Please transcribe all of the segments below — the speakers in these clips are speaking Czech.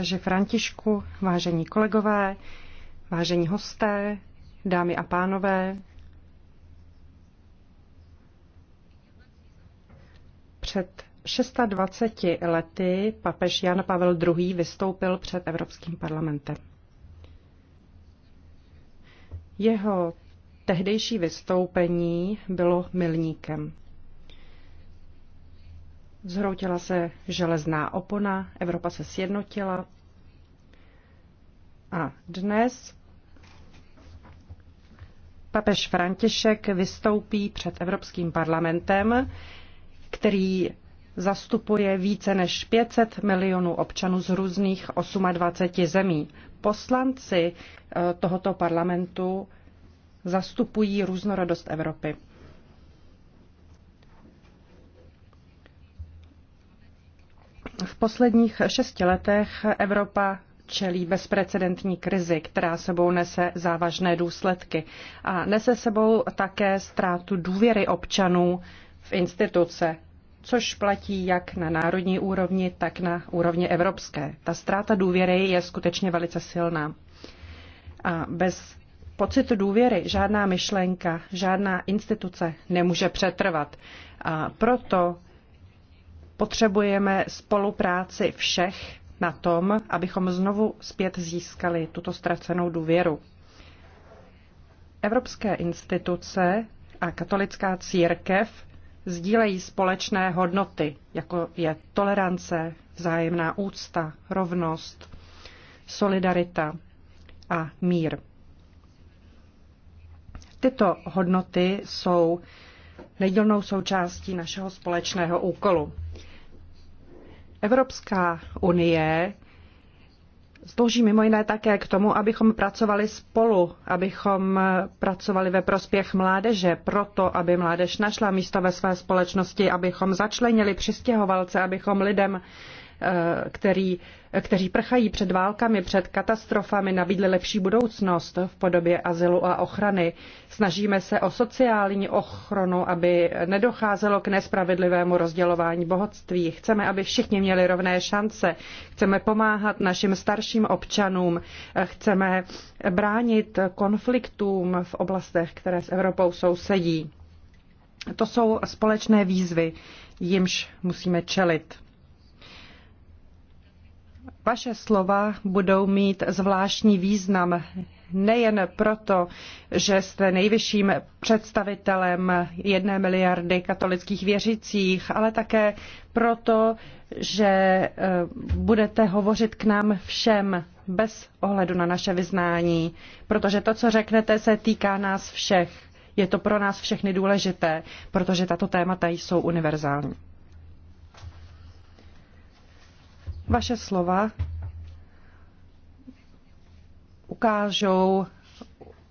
Papeže Františku, vážení kolegové, vážení hosté, dámy a pánové, před 26 lety papež Jan Pavel II. vystoupil před Evropským parlamentem. Jeho tehdejší vystoupení bylo milníkem. Zhroutila se železná opona, Evropa se sjednotila a dnes papež František vystoupí před Evropským parlamentem, který zastupuje více než 500 milionů občanů z různých 28 zemí. Poslanci eh, tohoto parlamentu zastupují různorodost Evropy. V posledních šesti letech Evropa čelí bezprecedentní krizi, která sebou nese závažné důsledky a nese sebou také ztrátu důvěry občanů v instituce, což platí jak na národní úrovni, tak na úrovni evropské. Ta ztráta důvěry je skutečně velice silná. A bez pocitu důvěry žádná myšlenka, žádná instituce nemůže přetrvat. A proto Potřebujeme spolupráci všech na tom, abychom znovu zpět získali tuto ztracenou důvěru. Evropské instituce a katolická církev sdílejí společné hodnoty, jako je tolerance, vzájemná úcta, rovnost, solidarita a mír. Tyto hodnoty jsou nedělnou součástí našeho společného úkolu. Evropská unie slouží mimo jiné také k tomu, abychom pracovali spolu, abychom pracovali ve prospěch mládeže, proto, aby mládež našla místo ve své společnosti, abychom začlenili přistěhovalce, abychom lidem Eh, který, kteří prchají před válkami, před katastrofami, nabídli lepší budoucnost v podobě azylu a ochrany. Snažíme se o sociální ochranu, aby nedocházelo k nespravedlivému rozdělování bohatství. Chceme, aby všichni měli rovné šance. Chceme pomáhat našim starším občanům. Chceme bránit konfliktům v oblastech, které s Evropou sousedí. To jsou společné výzvy, jimž musíme čelit. Vaše slova budou mít zvláštní význam nejen proto, že jste nejvyšším představitelem jedné miliardy katolických věřících, ale také proto, že eh, budete hovořit k nám všem bez ohledu na naše vyznání, protože to, co řeknete, se týká nás všech. Je to pro nás všechny důležité, protože tato témata jsou univerzální. Vaše slova ukážou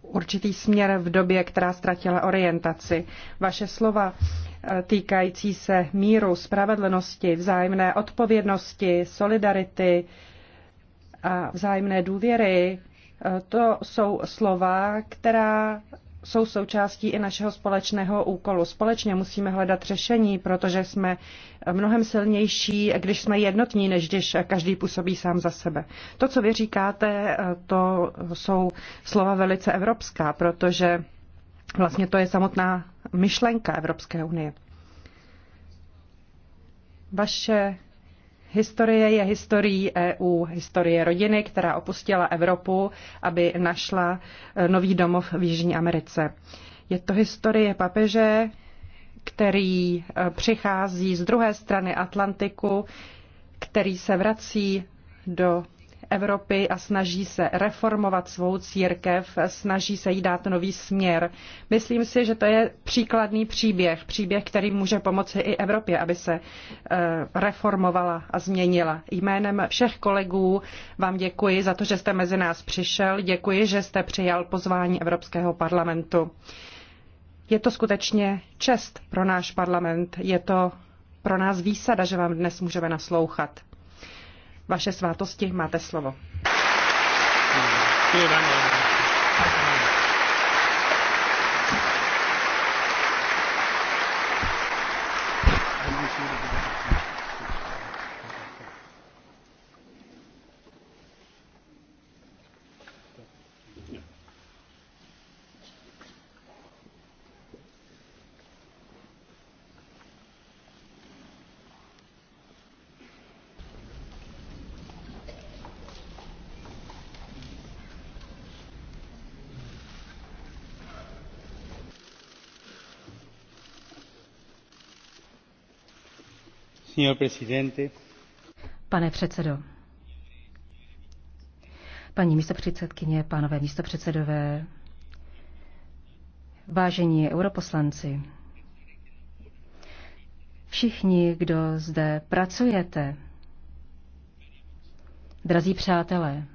určitý směr v době, která ztratila orientaci. Vaše slova eh, týkající se míru, spravedlnosti, vzájemné odpovědnosti, solidarity a vzájemné důvěry, eh, to jsou slova, která jsou součástí i našeho společného úkolu. Společně musíme hledat řešení, protože jsme mnohem silnější, když jsme jednotní, než když každý působí sám za sebe. To, co vy říkáte, to jsou slova velice evropská, protože vlastně to je samotná myšlenka Evropské unie. Vaše Historie je historií EU, historie rodiny, která opustila Evropu, aby našla eh, nový domov v Jižní Americe. Je to historie papeže, který eh, přichází z druhé strany Atlantiku, který se vrací do Evropy a snaží se reformovat svou církev, snaží se jí dát nový směr. Myslím si, že to je příkladný příběh, příběh, který může pomoci i Evropě, aby se eh, reformovala a změnila. Jménem všech kolegů vám děkuji za to, že jste mezi nás přišel, děkuji, že jste přijal pozvání Evropského parlamentu. Je to skutečně čest pro náš parlament, je to pro nás výsada, že vám dnes můžeme naslouchat. Vaše svátosti, máte slovo. Pane předsedo, paní místopředsedkyně, pánové místopředsedové, vážení europoslanci, všichni, kdo zde pracujete, drazí přátelé,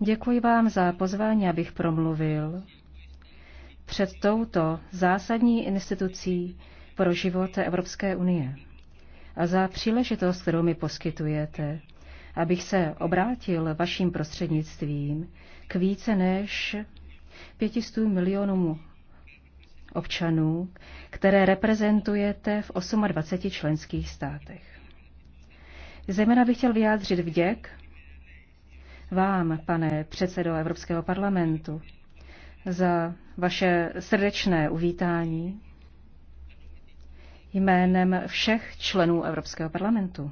děkuji vám za pozvání, abych promluvil před touto zásadní institucí, pro život Evropské unie a za příležitost, kterou mi poskytujete, abych se obrátil vaším prostřednictvím k více než 500 milionům občanů, které reprezentujete v 28 členských státech. Zejména bych chtěl vyjádřit vděk vám, pane předsedo Evropského parlamentu, za vaše srdečné uvítání jménem všech členů Evropského parlamentu.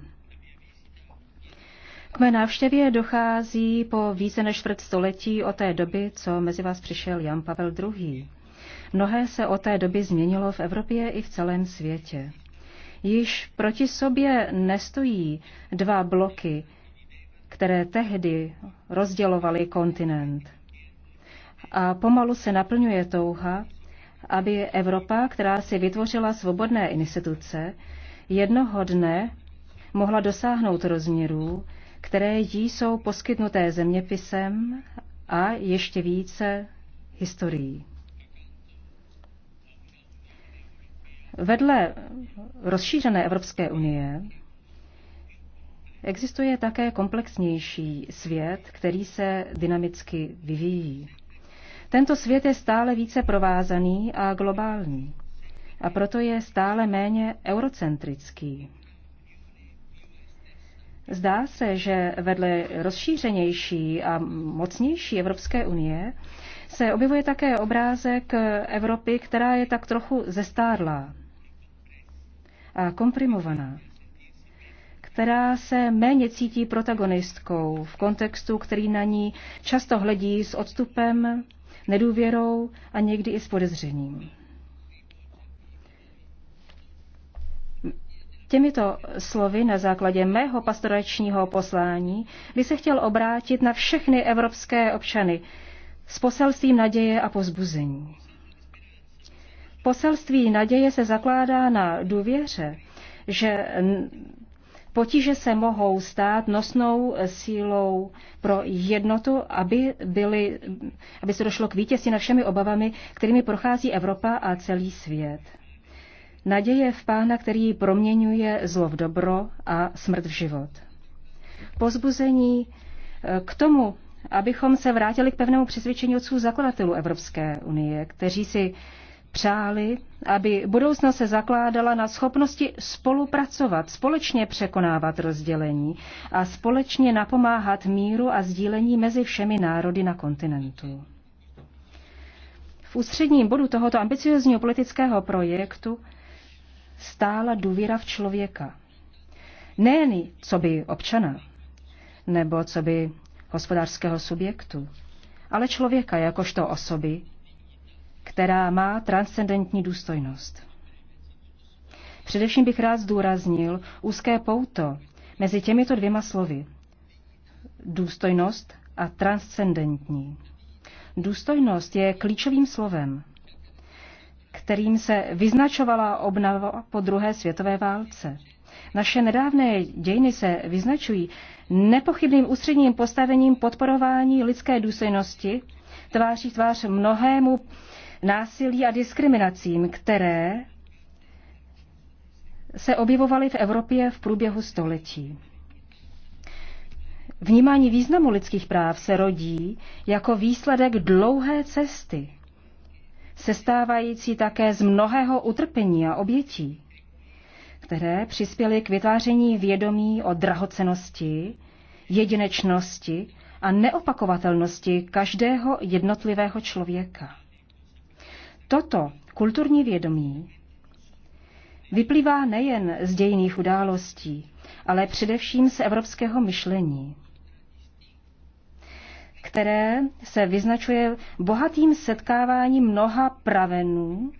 K mé návštěvě dochází po více než čtvrt století od té doby, co mezi vás přišel Jan Pavel II. Mnohé se od té doby změnilo v Evropě i v celém světě. Již proti sobě nestojí dva bloky, které tehdy rozdělovaly kontinent. A pomalu se naplňuje touha aby Evropa, která si vytvořila svobodné instituce, jednoho dne mohla dosáhnout rozměrů, které jí jsou poskytnuté zeměpisem a ještě více historií. Vedle rozšířené Evropské unie existuje také komplexnější svět, který se dynamicky vyvíjí. Tento svět je stále více provázaný a globální a proto je stále méně eurocentrický. Zdá se, že vedle rozšířenější a mocnější Evropské unie se objevuje také obrázek Evropy, která je tak trochu zestárlá a komprimovaná, která se méně cítí protagonistkou v kontextu, který na ní často hledí s odstupem nedůvěrou a někdy i s podezřením. Těmito slovy na základě mého pastoračního poslání by se chtěl obrátit na všechny evropské občany s poselstvím naděje a pozbuzení. Poselství naděje se zakládá na důvěře, že Potíže se mohou stát nosnou sílou pro jednotu, aby, byly, aby se došlo k vítězství nad všemi obavami, kterými prochází Evropa a celý svět. Naděje v pána, který proměňuje zlo v dobro a smrt v život. Pozbuzení eh, k tomu, abychom se vrátili k pevnému přesvědčení odců zakladatelů Evropské unie, kteří si přáli, aby budoucnost se zakládala na schopnosti spolupracovat, společně překonávat rozdělení a společně napomáhat míru a sdílení mezi všemi národy na kontinentu. V ústředním bodu tohoto ambiciozního politického projektu stála důvěra v člověka. Nejen co by občana, nebo co by hospodářského subjektu, ale člověka jakožto osoby, která má transcendentní důstojnost. Především bych rád zdůraznil úzké pouto mezi těmito dvěma slovy. Důstojnost a transcendentní. Důstojnost je klíčovým slovem, kterým se vyznačovala obnava po druhé světové válce. Naše nedávné dějiny se vyznačují nepochybným ústředním postavením podporování lidské důstojnosti tváří tvář mnohému násilí a diskriminacím, které se objevovaly v Evropě v průběhu století. Vnímání významu lidských práv se rodí jako výsledek dlouhé cesty, sestávající také z mnohého utrpení a obětí, které přispěly k vytváření vědomí o drahocenosti, jedinečnosti a neopakovatelnosti každého jednotlivého člověka. Toto kulturní vědomí vyplývá nejen z dějiných událostí, ale především z evropského myšlení, které se vyznačuje bohatým setkáváním mnoha pravenů,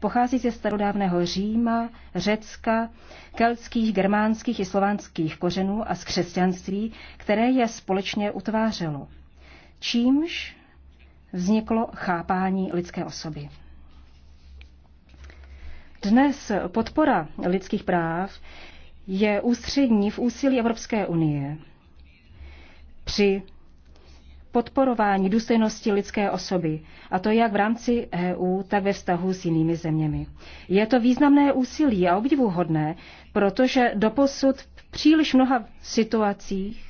pochází ze starodávného Říma, Řecka, keltských, germánských i slovanských kořenů a z křesťanství, které je společně utvářelo, čímž vzniklo chápání lidské osoby. Dnes podpora lidských práv je ústřední v úsilí Evropské unie při podporování důstojnosti lidské osoby, a to jak v rámci EU, tak ve vztahu s jinými zeměmi. Je to významné úsilí a obdivuhodné, protože doposud v příliš mnoha situacích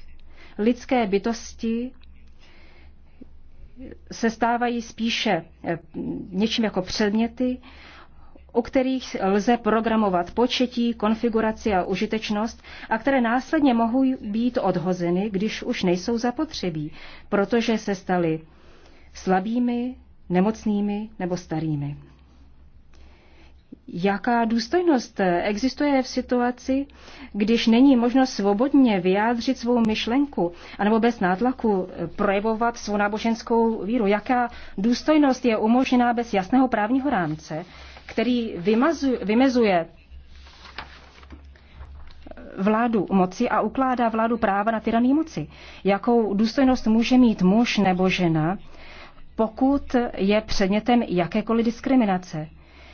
lidské bytosti se stávají spíše eh, něčím jako předměty u kterých lze programovat početí, konfiguraci a užitečnost a které následně mohou být odhozeny, když už nejsou zapotřebí, protože se staly slabými, nemocnými nebo starými. Jaká důstojnost existuje v situaci, když není možno svobodně vyjádřit svou myšlenku anebo bez nátlaku projevovat svou náboženskou víru? Jaká důstojnost je umožněná bez jasného právního rámce, který vymazuje, vymezuje vládu moci a ukládá vládu práva na tyraní moci. Jakou důstojnost může mít muž nebo žena, pokud je předmětem jakékoliv diskriminace?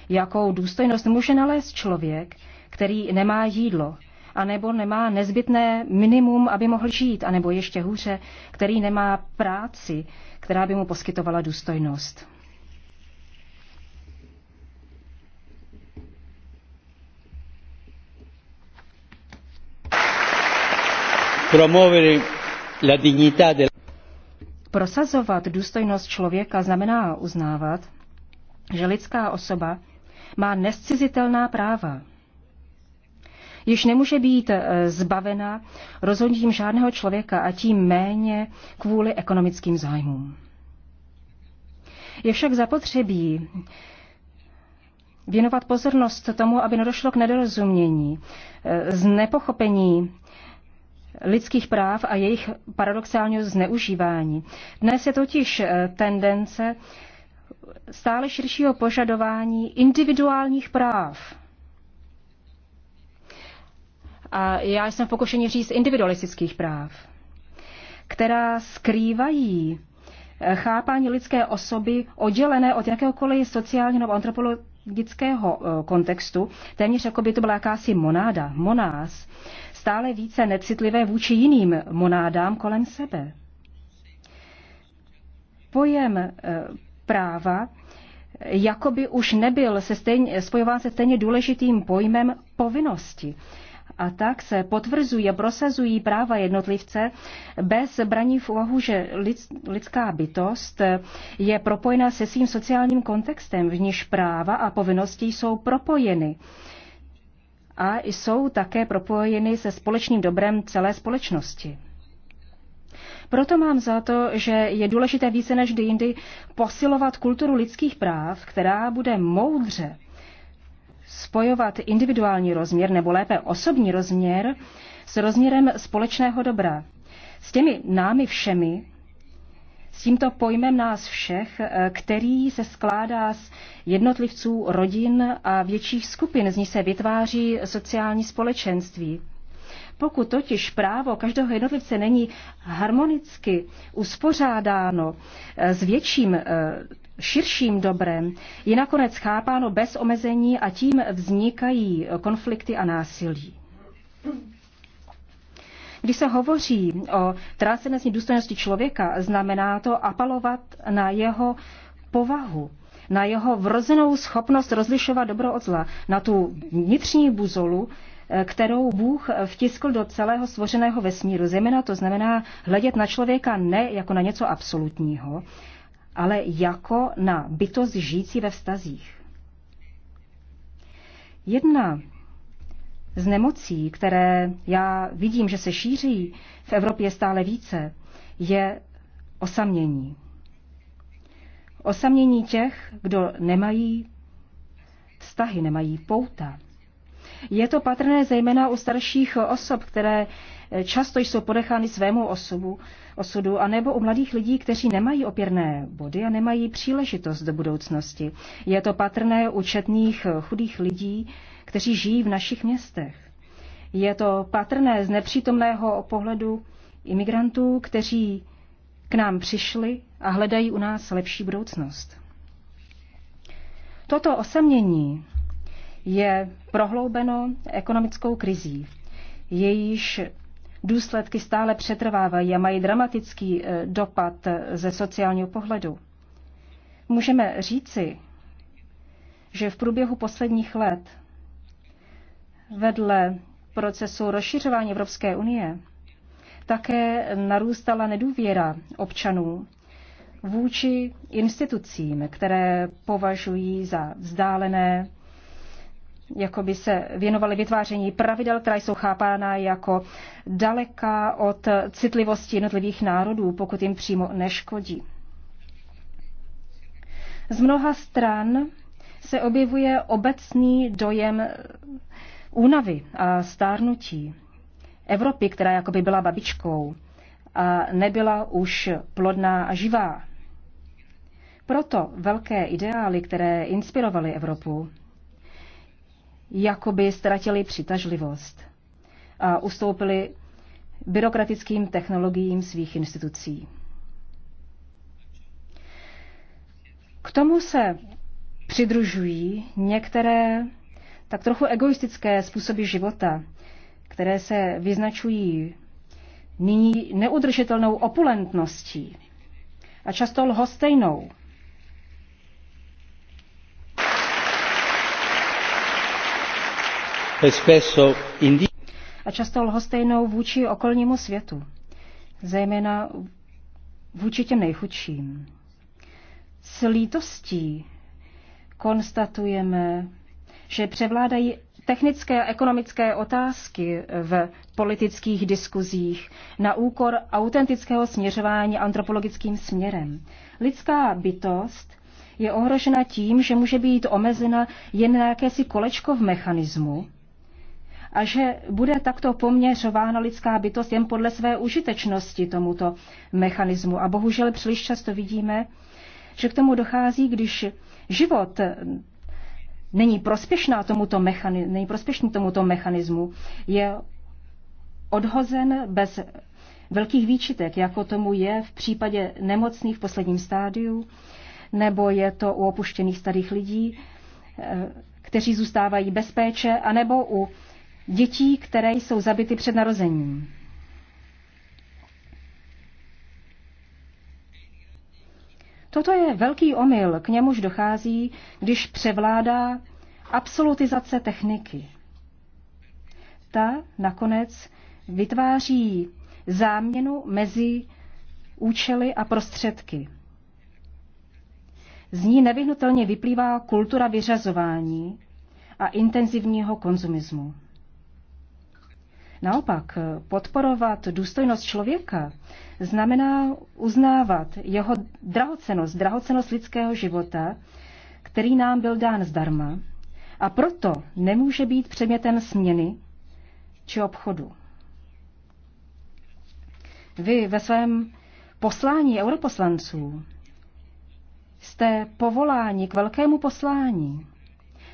Jakou důstojnost může nalézt člověk, který nemá jídlo, anebo nemá nezbytné minimum, aby mohl žít, anebo ještě hůře, který nemá práci, která by mu poskytovala důstojnost? Prosazovat důstojnost člověka znamená uznávat, že lidská osoba má nescizitelná práva. Již nemůže být eh, zbavena rozhodním žádného člověka a tím méně kvůli ekonomickým zájmům. Je však zapotřebí věnovat pozornost tomu, aby nedošlo k nedorozumění, eh, z nepochopení lidských práv a jejich paradoxálního zneužívání. Dnes je totiž eh, tendence stále širšího požadování individuálních práv. A já jsem v pokušení říct individualistických práv, která skrývají eh, chápání lidské osoby oddělené od jakéhokoliv sociálního nebo antropologického eh, kontextu, téměř jako by to byla jakási monáda, monás, stále více necitlivé vůči jiným monádám kolem sebe. Pojem eh, práva eh, jakoby už nebyl se stejně, spojován se stejně důležitým pojmem povinnosti. A tak se potvrzují a prosazují práva jednotlivce bez braní v úvahu, že lidská bytost eh, je propojena se svým sociálním kontextem, v níž práva a povinnosti jsou propojeny a jsou také propojeny se společným dobrem celé společnosti. Proto mám za to, že je důležité více než kdy jindy posilovat kulturu lidských práv, která bude moudře spojovat individuální rozměr nebo lépe osobní rozměr s rozměrem společného dobra. S těmi námi všemi, s tímto pojmem nás všech, eh, který se skládá z jednotlivců, rodin a větších skupin, z ní se vytváří sociální společenství. Pokud totiž právo každého jednotlivce není harmonicky uspořádáno eh, s větším, eh, širším dobrem, je nakonec chápáno bez omezení a tím vznikají konflikty a násilí. Když se hovoří o transcendentní důstojnosti člověka, znamená to apelovat na jeho povahu, na jeho vrozenou schopnost rozlišovat dobro od zla, na tu vnitřní buzolu, eh, kterou Bůh vtiskl do celého svořeného vesmíru. Zejména to znamená hledět na člověka ne jako na něco absolutního, ale jako na bytost žijící ve vztazích. Jedna z nemocí, které já vidím, že se šíří v Evropě stále více, je osamění. Osamění těch, kdo nemají vztahy, nemají pouta. Je to patrné zejména u starších osob, které často jsou podechány svému osudu, osudu, anebo u mladých lidí, kteří nemají opěrné body a nemají příležitost do budoucnosti. Je to patrné u četných chudých lidí, kteří žijí v našich městech. Je to patrné z nepřítomného pohledu imigrantů, kteří k nám přišli a hledají u nás lepší budoucnost. Toto osamění je prohloubeno ekonomickou krizí. Jejíž důsledky stále přetrvávají a mají dramatický eh, dopad eh, ze sociálního pohledu. Můžeme říci, že v průběhu posledních let Vedle procesu rozšiřování Evropské unie také narůstala nedůvěra občanů vůči institucím, které považují za vzdálené, jako by se věnovaly vytváření pravidel, která jsou chápána jako daleka od citlivosti jednotlivých národů, pokud jim přímo neškodí. Z mnoha stran se objevuje obecný dojem únavy a stárnutí Evropy, která jakoby byla babičkou a nebyla už plodná a živá. Proto velké ideály, které inspirovaly Evropu, jakoby ztratily přitažlivost a ustoupily byrokratickým technologiím svých institucí. K tomu se přidružují některé tak trochu egoistické způsoby života, které se vyznačují nyní neudržitelnou opulentností a často lhostejnou. E a často lhostejnou vůči okolnímu světu, zejména vůči těm nejchudším. S lítostí konstatujeme že převládají technické a ekonomické otázky v politických diskuzích na úkor autentického směřování antropologickým směrem. Lidská bytost je ohrožena tím, že může být omezena jen na jakési kolečko v mechanismu a že bude takto poměřována lidská bytost jen podle své užitečnosti tomuto mechanismu. A bohužel příliš často vidíme, že k tomu dochází, když život není, prospěšná tomuto mechani- není prospěšný tomuto mechanismu, je odhozen bez velkých výčitek, jako tomu je v případě nemocných v posledním stádiu, nebo je to u opuštěných starých lidí, eh, kteří zůstávají bez péče, anebo u dětí, které jsou zabity před narozením. Toto je velký omyl, k němuž dochází, když převládá absolutizace techniky. Ta nakonec vytváří záměnu mezi účely a prostředky. Z ní nevyhnutelně vyplývá kultura vyřazování a intenzivního konzumismu. Naopak, eh, podporovat důstojnost člověka znamená uznávat jeho drahocenost, drahocenost lidského života, který nám byl dán zdarma a proto nemůže být předmětem směny či obchodu. Vy ve svém poslání europoslanců jste povoláni k velkému poslání.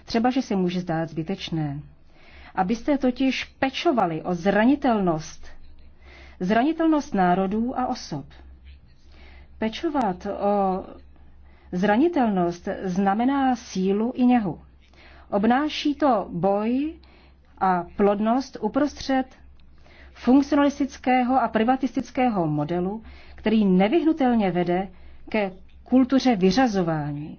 Třeba, že se může zdát zbytečné abyste totiž pečovali o zranitelnost, zranitelnost národů a osob. Pečovat o zranitelnost znamená sílu i něhu. Obnáší to boj a plodnost uprostřed funkcionalistického a privatistického modelu, který nevyhnutelně vede ke kultuře vyřazování.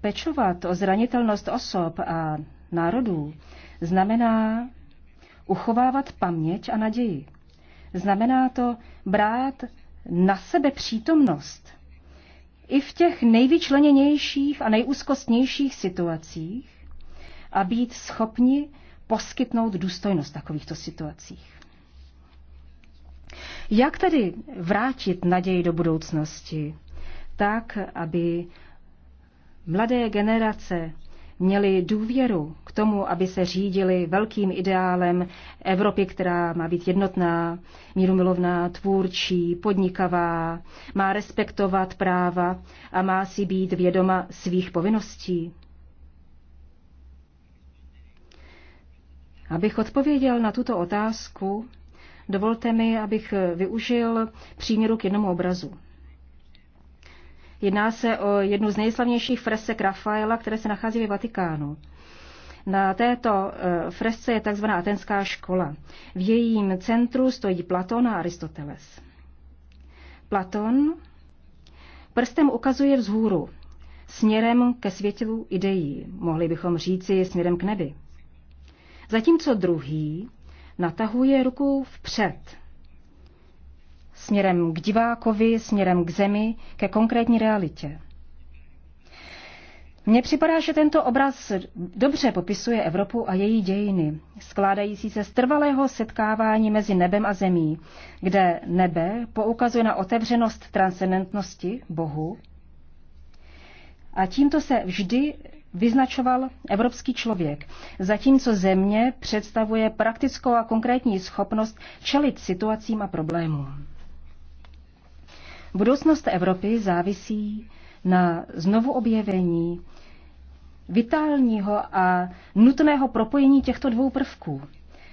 Pečovat o zranitelnost osob a národů Znamená uchovávat paměť a naději. Znamená to brát na sebe přítomnost. I v těch nejvyčleněnějších a nejúzkostnějších situacích a být schopni poskytnout důstojnost takovýchto situacích. Jak tedy vrátit naději do budoucnosti, tak aby mladé generace měli důvěru k tomu, aby se řídili velkým ideálem Evropy, která má být jednotná, mírumilovná, tvůrčí, podnikavá, má respektovat práva a má si být vědoma svých povinností. Abych odpověděl na tuto otázku, dovolte mi, abych využil příměru k jednomu obrazu. Jedná se o jednu z nejslavnějších fresek Rafaela, které se nachází ve Vatikánu. Na této eh, fresce je tzv. atenská škola. V jejím centru stojí Platon a Aristoteles. Platon prstem ukazuje vzhůru, směrem ke světlu ideí, mohli bychom říci směrem k nebi. Zatímco druhý natahuje ruku vpřed, směrem k divákovi, směrem k zemi, ke konkrétní realitě. Mně připadá, že tento obraz dobře popisuje Evropu a její dějiny, skládající se z trvalého setkávání mezi nebem a zemí, kde nebe poukazuje na otevřenost transcendentnosti Bohu. A tímto se vždy vyznačoval evropský člověk, zatímco země představuje praktickou a konkrétní schopnost čelit situacím a problémům. Budoucnost Evropy závisí na znovuobjevení vitálního a nutného propojení těchto dvou prvků.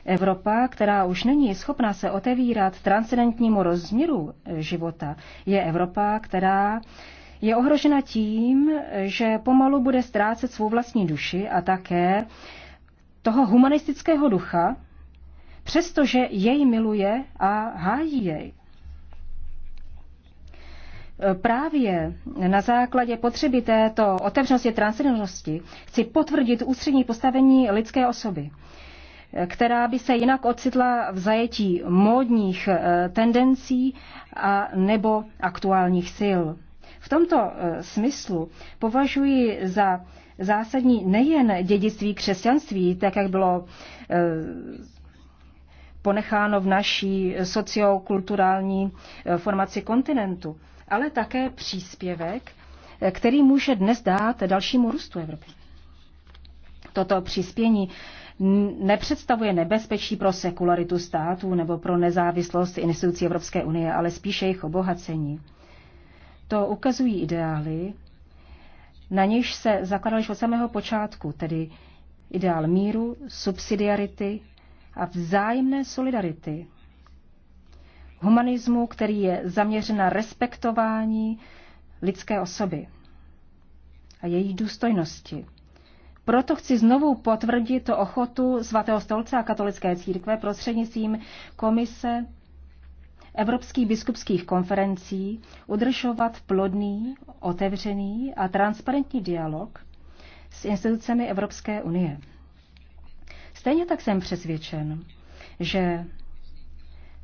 Evropa, která už není schopná se otevírat transcendentnímu rozměru života, je Evropa, která je ohrožena tím, že pomalu bude ztrácet svou vlastní duši a také toho humanistického ducha, přestože jej miluje a hájí jej. Právě na základě potřeby této otevřenosti a transparentnosti chci potvrdit ústřední postavení lidské osoby, která by se jinak ocitla v zajetí módních eh, tendencí a nebo aktuálních sil. V tomto eh, smyslu považuji za zásadní nejen dědictví křesťanství, tak jak bylo eh, ponecháno v naší sociokulturální formaci kontinentu, ale také příspěvek, který může dnes dát dalšímu růstu Evropy. Toto přispění nepředstavuje nebezpečí pro sekularitu států nebo pro nezávislost institucí Evropské unie, ale spíše jejich obohacení. To ukazují ideály, na něž se zakladaly od samého počátku, tedy ideál míru, subsidiarity a vzájemné solidarity humanismu, který je zaměřen na respektování lidské osoby a její důstojnosti. Proto chci znovu potvrdit to ochotu svatého stolce a katolické církve prostřednictvím komise Evropských biskupských konferencí udržovat plodný, otevřený a transparentní dialog s institucemi Evropské unie. Stejně tak jsem přesvědčen, že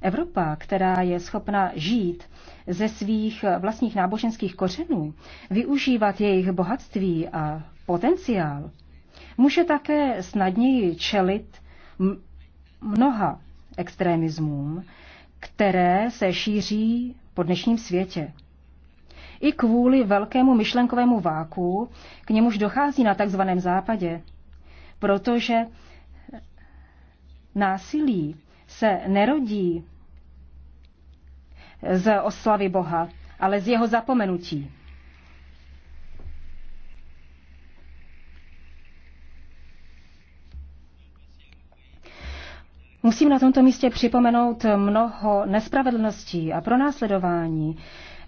Evropa, která je schopna žít ze svých vlastních náboženských kořenů, využívat jejich bohatství a potenciál, může také snadněji čelit mnoha extremismům, které se šíří po dnešním světě. I kvůli velkému myšlenkovému váku, k němuž dochází na takzvaném západě, protože násilí se nerodí z oslavy Boha, ale z jeho zapomenutí. Musím na tomto místě připomenout mnoho nespravedlností a pronásledování,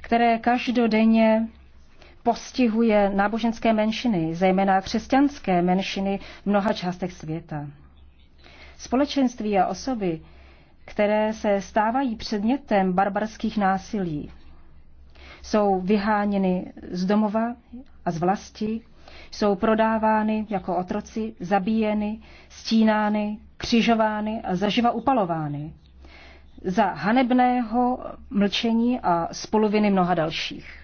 které každodenně postihuje náboženské menšiny, zejména křesťanské menšiny v mnoha částech světa. Společenství a osoby, které se stávají předmětem barbarských násilí, jsou vyháněny z domova a z vlasti, jsou prodávány jako otroci, zabíjeny, stínány, křižovány a zaživa upalovány za hanebného mlčení a spoluviny mnoha dalších.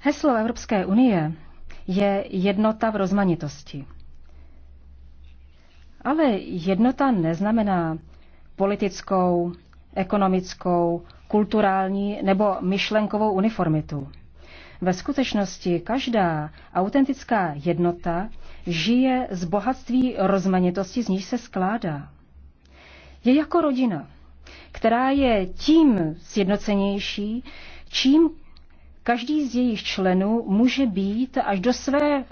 Heslo Evropské unie je jednota v rozmanitosti. Ale jednota neznamená politickou, ekonomickou, kulturální nebo myšlenkovou uniformitu. Ve skutečnosti každá autentická jednota žije z bohatství rozmanitosti, z níž se skládá. Je jako rodina která je tím sjednocenější, čím každý z jejich členů může být až do své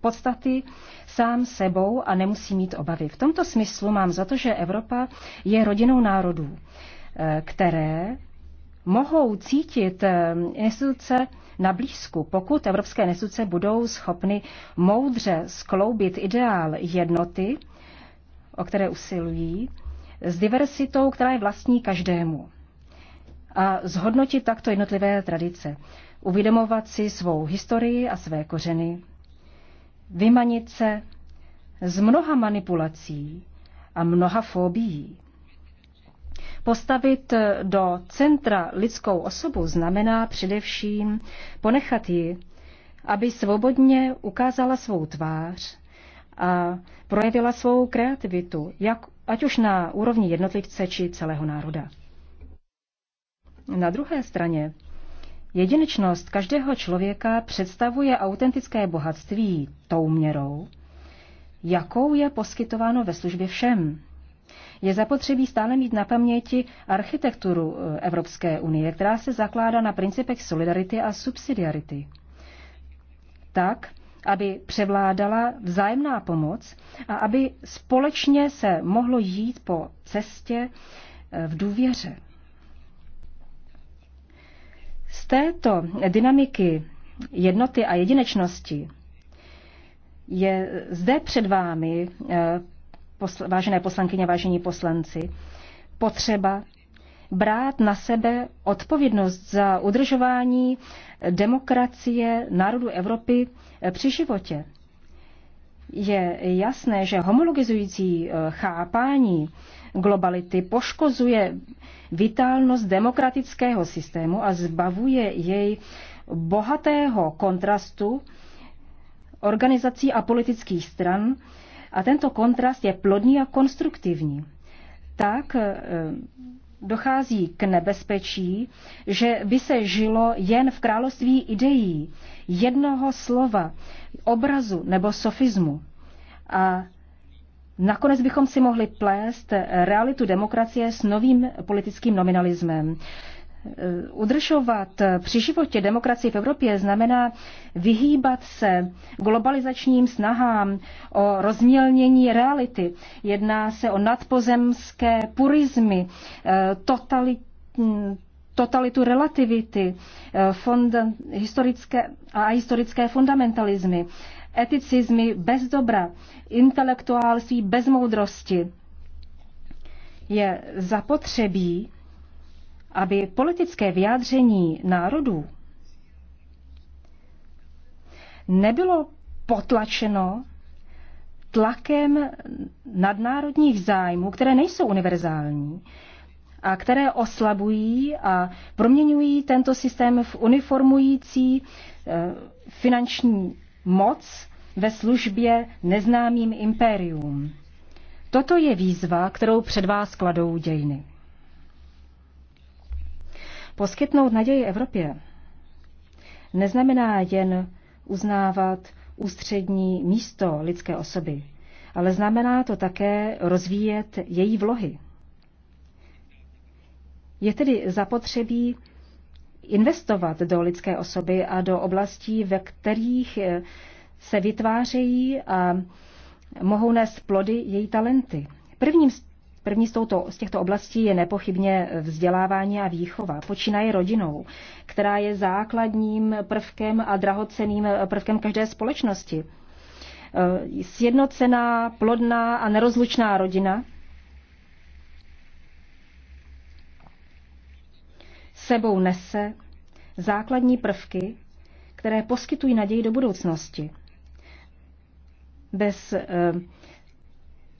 podstaty sám sebou a nemusí mít obavy. V tomto smyslu mám za to, že Evropa je rodinou národů, eh, které mohou cítit eh, instituce na blízku, pokud evropské instituce budou schopny moudře skloubit ideál jednoty, o které usilují, s diversitou, která je vlastní každému. A zhodnotit takto jednotlivé tradice, uvědomovat si svou historii a své kořeny, vymanit se z mnoha manipulací a mnoha fóbií. Postavit do centra lidskou osobu znamená především ponechat ji, aby svobodně ukázala svou tvář a projevila svou kreativitu, jak ať už na úrovni jednotlivce či celého národa. Na druhé straně, jedinečnost každého člověka představuje autentické bohatství tou měrou, jakou je poskytováno ve službě všem. Je zapotřebí stále mít na paměti architekturu eh, Evropské unie, která se zakládá na principech solidarity a subsidiarity. Tak, aby převládala vzájemná pomoc a aby společně se mohlo jít po cestě eh, v důvěře. Z této dynamiky jednoty a jedinečnosti je zde před vámi, eh, vážené poslankyně, vážení poslanci, potřeba brát na sebe odpovědnost za udržování demokracie národu Evropy eh, při životě. Je jasné, že homologizující eh, chápání globality poškozuje vitálnost demokratického systému a zbavuje jej bohatého kontrastu organizací a politických stran a tento kontrast je plodný a konstruktivní. Tak eh, dochází k nebezpečí, že by se žilo jen v království ideí, jednoho slova, obrazu nebo sofismu. A Nakonec bychom si mohli plést realitu demokracie s novým politickým nominalismem udržovat při životě demokracii v Evropě znamená vyhýbat se globalizačním snahám o rozmělnění reality. Jedná se o nadpozemské purizmy, eh, totalit, totalitu relativity eh, fond, historické a historické fundamentalizmy, eticizmy bez dobra, intelektuálství bez moudrosti. Je zapotřebí aby politické vyjádření národů nebylo potlačeno tlakem nadnárodních zájmů, které nejsou univerzální a které oslabují a proměňují tento systém v uniformující eh, finanční moc ve službě neznámým impériům. Toto je výzva, kterou před vás kladou dějiny. Poskytnout naději Evropě neznamená jen uznávat ústřední místo lidské osoby, ale znamená to také rozvíjet její vlohy. Je tedy zapotřebí investovat do lidské osoby a do oblastí, ve kterých eh, se vytvářejí a mohou nést plody její talenty. Prvním První z, touto, z těchto oblastí je nepochybně vzdělávání a výchova. Počínaje rodinou, která je základním prvkem a drahoceným prvkem každé společnosti. E, sjednocená, plodná a nerozlučná rodina sebou nese základní prvky, které poskytují naději do budoucnosti. Bez e,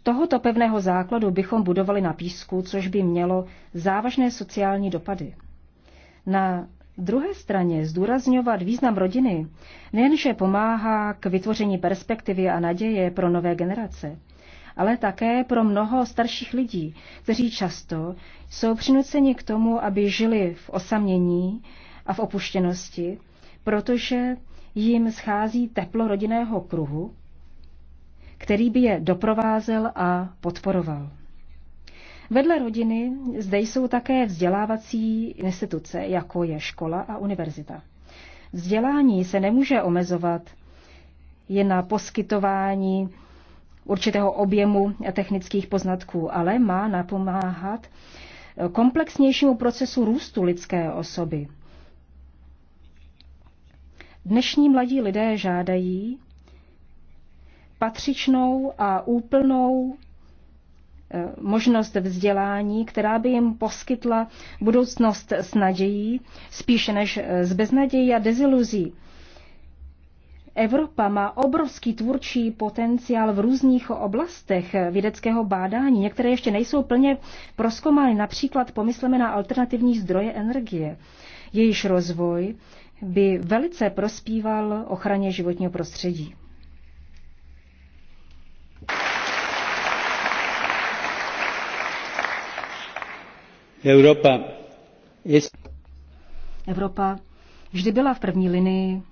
Tohoto pevného základu bychom budovali na písku, což by mělo závažné sociální dopady. Na druhé straně zdůrazňovat význam rodiny nejenže pomáhá k vytvoření perspektivy a naděje pro nové generace, ale také pro mnoho starších lidí, kteří často jsou přinuceni k tomu, aby žili v osamění a v opuštěnosti, protože jim schází teplo rodinného kruhu který by je doprovázel a podporoval. Vedle rodiny zde jsou také vzdělávací instituce, jako je škola a univerzita. Vzdělání se nemůže omezovat jen na poskytování určitého objemu technických poznatků, ale má napomáhat komplexnějšímu procesu růstu lidské osoby. Dnešní mladí lidé žádají, patřičnou a úplnou eh, možnost vzdělání, která by jim poskytla budoucnost s nadějí, spíše než s beznadějí a deziluzí. Evropa má obrovský tvůrčí potenciál v různých oblastech vědeckého bádání. Některé ještě nejsou plně proskomány. Například pomysleme na alternativní zdroje energie. Jejíž rozvoj by velice prospíval ochraně životního prostředí. jest... Evropa vždy byla v první linii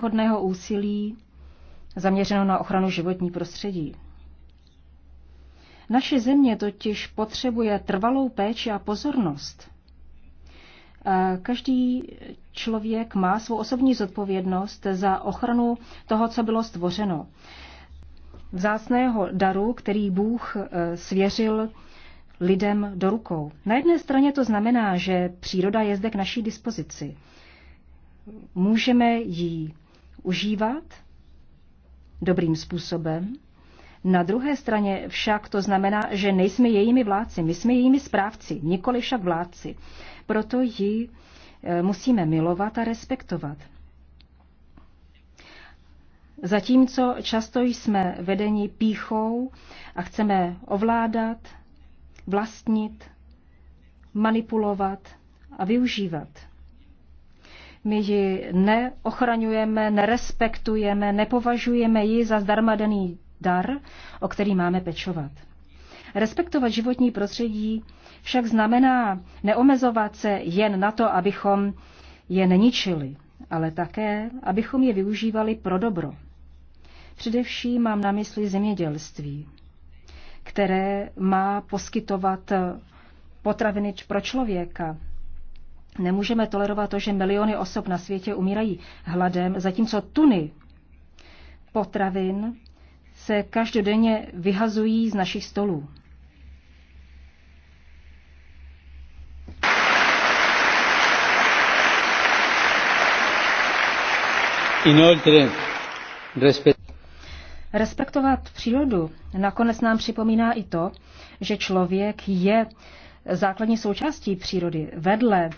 hodného úsilí zaměřeno na ochranu životní prostředí. Naše země totiž potřebuje trvalou péči a pozornost. Každý člověk má svou osobní zodpovědnost za ochranu toho, co bylo stvořeno. Vzácného daru, který Bůh e, svěřil lidem do rukou. Na jedné straně to znamená, že příroda je zde k naší dispozici. Můžeme ji užívat dobrým způsobem. Na druhé straně však to znamená, že nejsme jejími vládci, my jsme jejími správci, nikoli však vládci. Proto ji e, musíme milovat a respektovat. Zatímco často jsme vedeni píchou a chceme ovládat, vlastnit, manipulovat a využívat. My ji neochraňujeme, nerespektujeme, nepovažujeme ji za zdarma daný dar, o který máme pečovat. Respektovat životní prostředí však znamená neomezovat se jen na to, abychom je neničili, ale také, abychom je využívali pro dobro. Především mám na mysli zemědělství které má poskytovat potraviny pro člověka. Nemůžeme tolerovat to, že miliony osob na světě umírají hladem, zatímco tuny potravin se každodenně vyhazují z našich stolů. Inoltre, respect... Respektovat přírodu nakonec nám připomíná i to, že člověk je základní součástí přírody. Vedle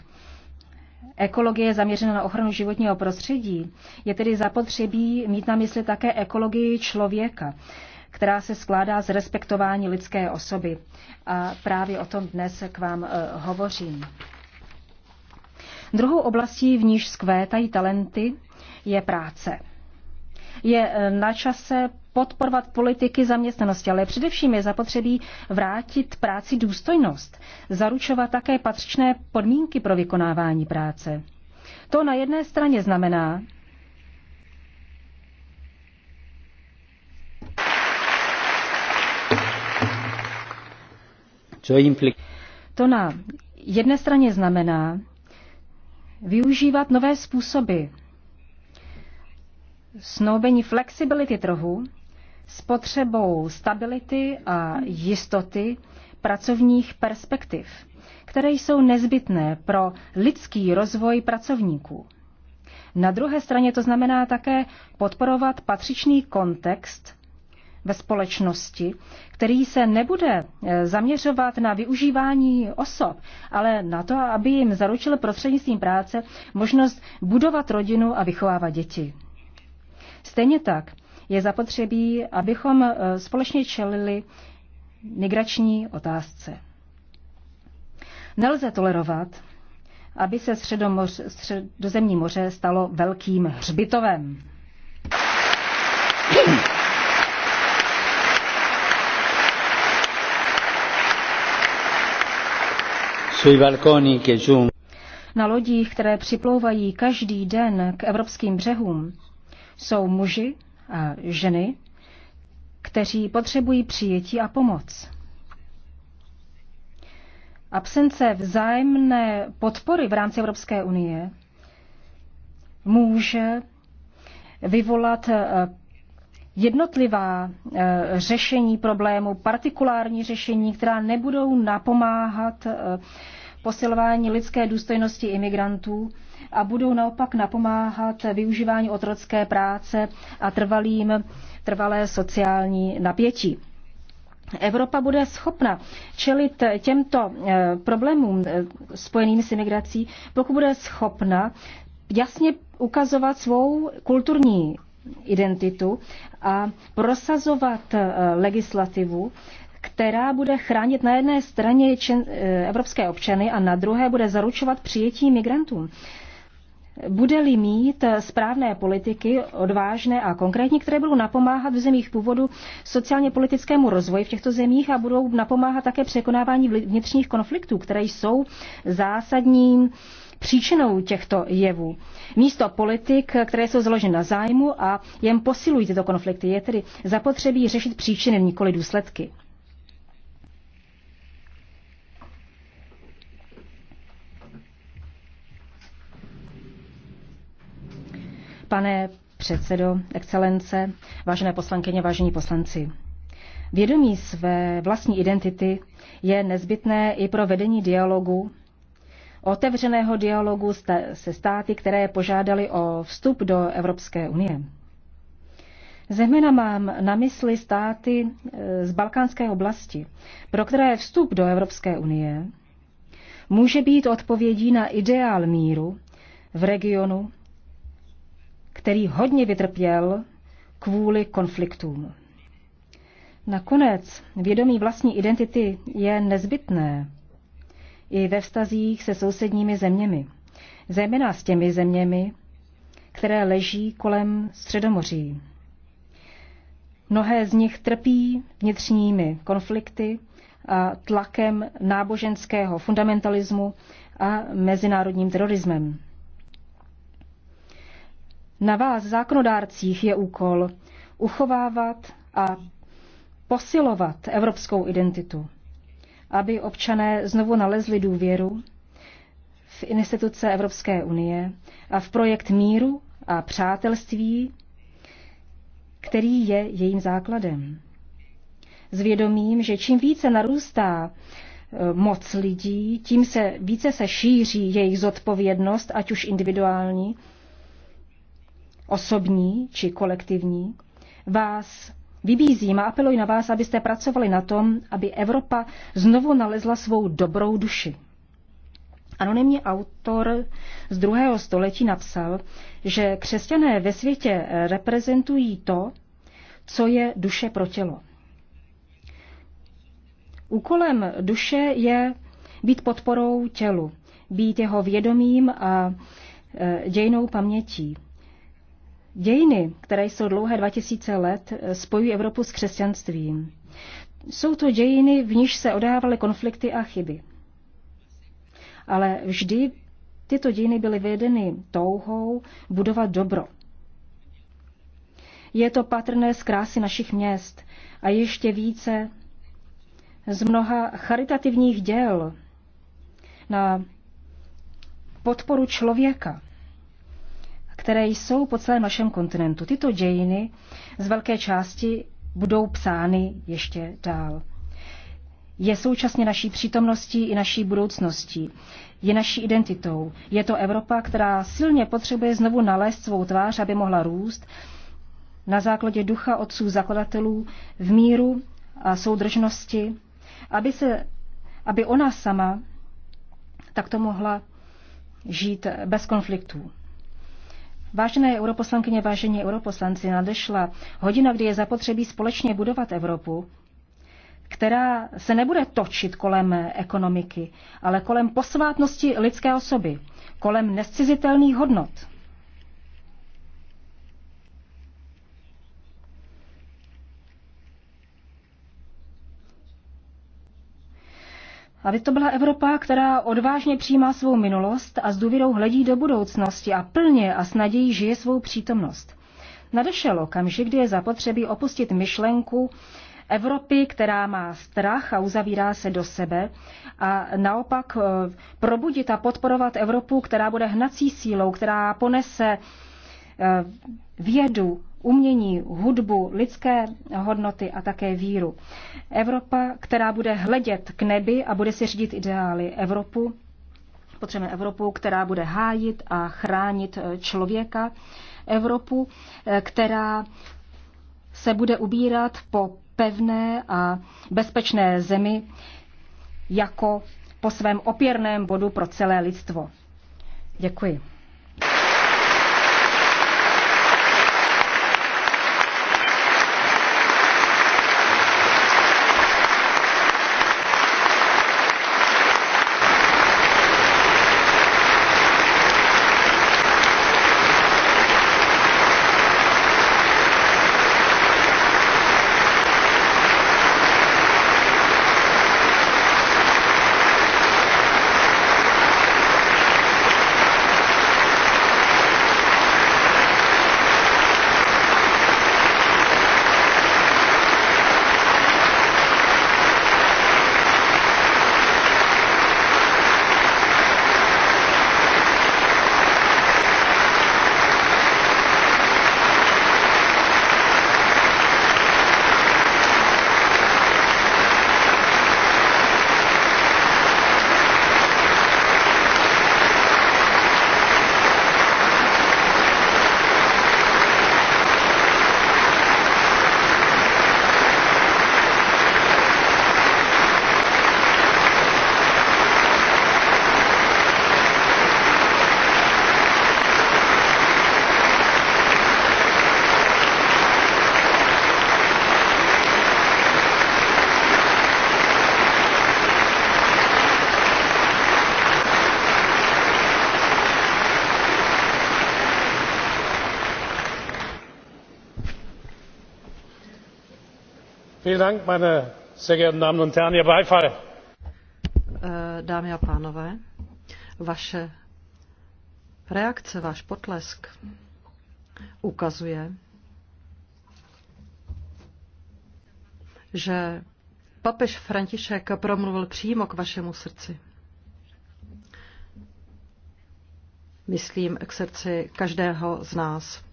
ekologie zaměřená na ochranu životního prostředí je tedy zapotřebí mít na mysli také ekologii člověka, která se skládá z respektování lidské osoby. A právě o tom dnes k vám eh, hovořím. Druhou oblastí, v níž skvétají talenty, je práce. Je eh, na čase podporovat politiky zaměstnanosti, ale především je zapotřebí vrátit práci důstojnost, zaručovat také patřičné podmínky pro vykonávání práce. To na jedné straně znamená, To na jedné straně znamená využívat nové způsoby snoubení flexibility trhu s potřebou stability a jistoty pracovních perspektiv, které jsou nezbytné pro lidský rozvoj pracovníků. Na druhé straně to znamená také podporovat patřičný kontext ve společnosti, který se nebude eh, zaměřovat na využívání osob, ale na to, aby jim zaručil prostřednictvím práce možnost budovat rodinu a vychovávat děti. Stejně tak je zapotřebí, abychom e, společně čelili migrační otázce. Nelze tolerovat, aby se středomoř, středozemní moře stalo velkým hřbitovem. Na lodích, které připlouvají každý den k evropským břehům, jsou muži a ženy, kteří potřebují přijetí a pomoc. Absence vzájemné podpory v rámci Evropské unie může vyvolat eh, jednotlivá eh, řešení problému, partikulární řešení, která nebudou napomáhat eh, posilování lidské důstojnosti imigrantů, a budou naopak napomáhat využívání otrocké práce a trvalým, trvalé sociální napětí. Evropa bude schopna čelit těmto eh, problémům eh, spojeným s imigrací, pokud bude schopna jasně ukazovat svou kulturní identitu a prosazovat eh, legislativu, která bude chránit na jedné straně evropské občany a na druhé bude zaručovat přijetí migrantům bude-li mít správné politiky, odvážné a konkrétní, které budou napomáhat v zemích původu sociálně politickému rozvoji v těchto zemích a budou napomáhat také překonávání vnitřních konfliktů, které jsou zásadním příčinou těchto jevů. Místo politik, které jsou založeny na zájmu a jen posilují tyto konflikty, je tedy zapotřebí řešit příčiny, nikoli důsledky. pane předsedo, excelence, vážené poslankyně, vážení poslanci. Vědomí své vlastní identity je nezbytné i pro vedení dialogu, otevřeného dialogu se státy, které požádali o vstup do Evropské unie. Zejména mám na mysli státy e, z balkánské oblasti, pro které vstup do Evropské unie může být odpovědí na ideál míru v regionu který hodně vytrpěl kvůli konfliktům. Nakonec vědomí vlastní identity je nezbytné i ve vztazích se sousedními zeměmi, zejména s těmi zeměmi, které leží kolem Středomoří. Mnohé z nich trpí vnitřními konflikty a tlakem náboženského fundamentalismu a mezinárodním terorismem. Na vás, zákonodárcích, je úkol uchovávat a posilovat evropskou identitu, aby občané znovu nalezli důvěru v instituce Evropské unie a v projekt míru a přátelství, který je jejím základem. Zvědomím, že čím více narůstá e, moc lidí, tím se více se šíří jejich zodpovědnost, ať už individuální, osobní či kolektivní, vás vybízím a apeluji na vás, abyste pracovali na tom, aby Evropa znovu nalezla svou dobrou duši. Anonymní autor z druhého století napsal, že křesťané ve světě reprezentují to, co je duše pro tělo. Úkolem duše je být podporou tělu, být jeho vědomím a e, dějnou pamětí. Dějiny, které jsou dlouhé 2000 let, eh, spojují Evropu s křesťanstvím. Jsou to dějiny, v níž se odávaly konflikty a chyby. Ale vždy tyto dějiny byly vedeny touhou budovat dobro. Je to patrné z krásy našich měst a ještě více z mnoha charitativních děl na podporu člověka které jsou po celém našem kontinentu. Tyto dějiny z velké části budou psány ještě dál. Je současně naší přítomností i naší budoucností. Je naší identitou. Je to Evropa, která silně potřebuje znovu nalézt svou tvář, aby mohla růst na základě ducha otců zakladatelů v míru a soudržnosti, aby, se, aby ona sama takto mohla žít bez konfliktů. Vážené europoslankyně, vážení europoslanci, nadešla hodina, kdy je zapotřebí společně budovat Evropu, která se nebude točit kolem ekonomiky, ale kolem posvátnosti lidské osoby, kolem nescizitelných hodnot. aby to byla Evropa, která odvážně přijímá svou minulost a s důvěrou hledí do budoucnosti a plně a s nadějí žije svou přítomnost. Nadešel okamžik, kdy je zapotřebí opustit myšlenku Evropy, která má strach a uzavírá se do sebe, a naopak eh, probudit a podporovat Evropu, která bude hnací sílou, která ponese eh, vědu, umění, hudbu, lidské hodnoty a také víru. Evropa, která bude hledět k nebi a bude si řídit ideály Evropu, potřebujeme Evropu, která bude hájit a chránit eh, člověka, Evropu, eh, která se bude ubírat po pevné a bezpečné zemi jako po svém opěrném bodu pro celé lidstvo. Děkuji. Eh, dámy a pánové, vaše reakce, váš potlesk ukazuje, že papež František promluvil přímo k vašemu srdci. Myslím k srdci každého z nás.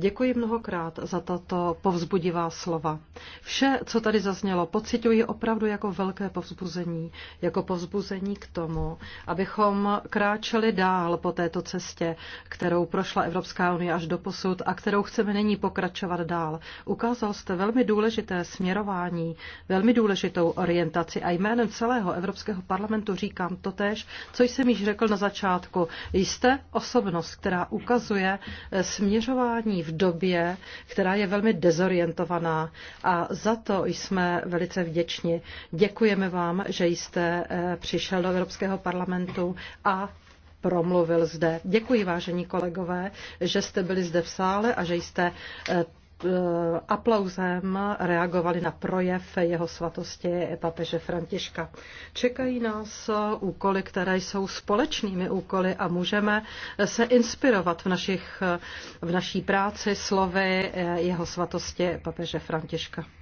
Děkuji mnohokrát za tato povzbudivá slova. Vše, co tady zaznělo, pocituji opravdu jako velké povzbuzení, jako povzbuzení k tomu, abychom kráčeli dál po této cestě, kterou prošla Evropská unie až do posud a kterou chceme nyní pokračovat dál. Ukázal jste velmi důležité směrování, velmi důležitou orientaci a jménem celého Evropského parlamentu říkám tež, co jsem již řekl na začátku. Jste osobnost, která ukazuje směřování v v době, která je velmi dezorientovaná a za to jsme velice vděční. Děkujeme vám, že jste eh, přišel do Evropského parlamentu a promluvil zde. Děkuji, vážení kolegové, že jste byli zde v sále a že jste eh, Eh, aplauzem reagovali na projev jeho svatosti papeže Františka. Čekají nás úkoly, které jsou společnými úkoly a můžeme se inspirovat v, našich, v naší práci slovy eh, jeho svatosti papeže Františka.